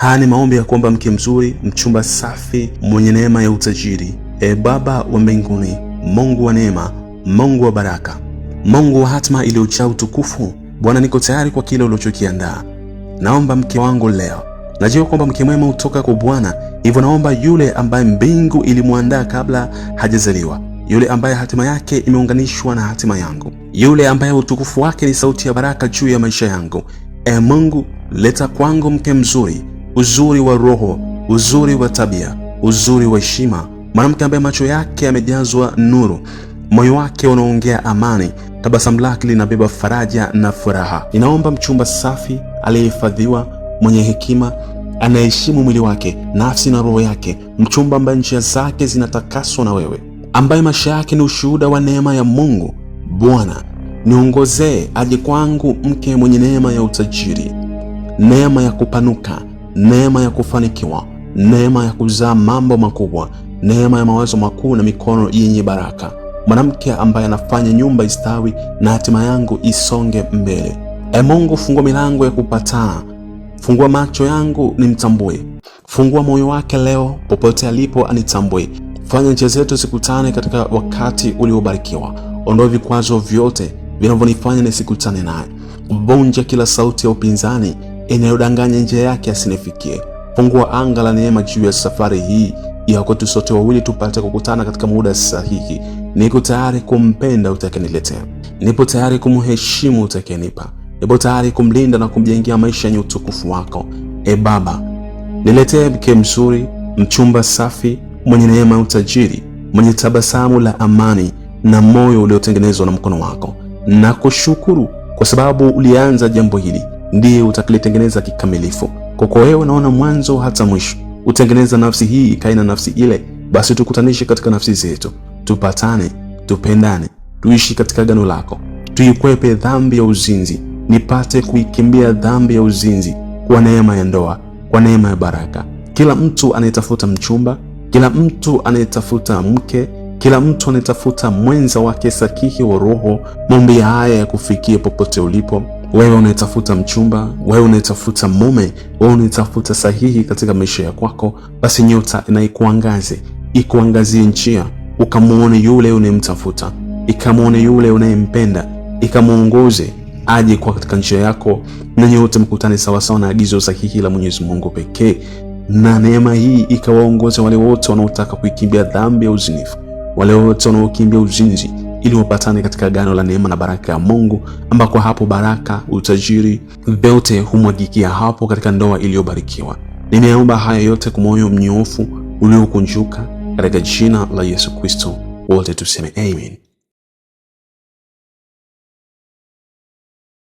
Haya ni maombi ya kuomba mke mzuri, mchumba safi, mwenye neema ya utajiri. E Baba wa mbinguni, Mungu wa neema, Mungu wa baraka, Mungu wa hatima iliyojaa utukufu, Bwana, niko tayari kwa kile ulichokiandaa. Naomba mke wangu leo. Najua kwamba mke mwema hutoka kwa Bwana, hivyo naomba yule ambaye mbingu ilimwandaa kabla hajazaliwa, yule ambaye hatima yake imeunganishwa na hatima yangu, yule ambaye utukufu wake ni sauti ya baraka juu ya maisha yangu. E Mungu, leta kwangu mke mzuri uzuri wa roho, uzuri wa tabia, uzuri wa heshima, mwanamke ambaye macho yake yamejazwa nuru, moyo wake unaongea amani, tabasamu lake linabeba faraja na furaha. Ninaomba mchumba safi, aliyehifadhiwa, mwenye hekima anaheshimu mwili wake, nafsi na roho yake, mchumba ambaye njia zake zinatakaswa na wewe, ambaye maisha yake ni ushuhuda wa neema ya Mungu. Bwana, niongozee aje kwangu mke mwenye neema ya utajiri, neema ya kupanuka, neema ya kufanikiwa, neema ya kuzaa mambo makubwa, neema ya mawazo makuu na mikono yenye baraka, mwanamke ambaye anafanya nyumba istawi na hatima yangu isonge mbele. E Mungu, fungua milango ya kupatana, fungua macho yangu nimtambue, fungua moyo wake leo, popote alipo anitambue. Fanya njia zetu zikutane katika wakati uliobarikiwa. Ondoa vikwazo vyote vinavyonifanya nisikutane naye, vunja kila sauti ya upinzani inayodanganya njia yake asinifikie. Fungua anga la neema juu ya safari hii ya kwetu sote wawili tupate kukutana katika muda sahihi. Niko tayari kumpenda utakayeniletea, nipo tayari kumheshimu utakayenipa, nipo tayari kumlinda na kumjengea maisha yenye utukufu wako. E Baba, niletee mke mzuri, mchumba safi, mwenye neema ya utajiri, mwenye tabasamu la amani na moyo uliotengenezwa na mkono wako. Nakushukuru kwa sababu ulianza jambo hili ndiye utakilitengeneza kikamilifu. Kwako wewe unaona mwanzo hata mwisho, utengeneza nafsi hii ikae na nafsi ile, basi tukutanishe katika nafsi zetu, tupatane, tupendane, tuishi katika gano lako, tuikwepe dhambi ya uzinzi, nipate kuikimbia dhambi ya uzinzi kwa neema ya ndoa, kwa neema ya baraka. Kila mtu anayetafuta mchumba, kila mtu anayetafuta mke, kila mtu anayetafuta mwenza wake sahihi wa roho, maombi haya ya kufikia popote ulipo wewe unayetafuta mchumba, wewe unayetafuta mume, wewe unayetafuta sahihi katika maisha ya kwako, basi nyota na ikuangaze, ikuangazie njia, ukamwone yule unayemtafuta, ikamwone yule unayempenda, ikamwongoze aje kwa katika njia yako, na nyote mkutane sawasawa na agizo sahihi la Mwenyezi Mungu pekee, na neema hii ikawaongoza wale wote wanaotaka kuikimbia dhambi ya uzinifu, wale wote wanaokimbia uzinzi ili wapatane katika gano la neema na baraka ya Mungu, ambako hapo baraka, utajiri vyote humwagikia hapo katika ndoa iliyobarikiwa. Ninaomba haya yote kwa moyo mnyoofu uliokunjuka katika jina la Yesu Kristo, wote tuseme amen.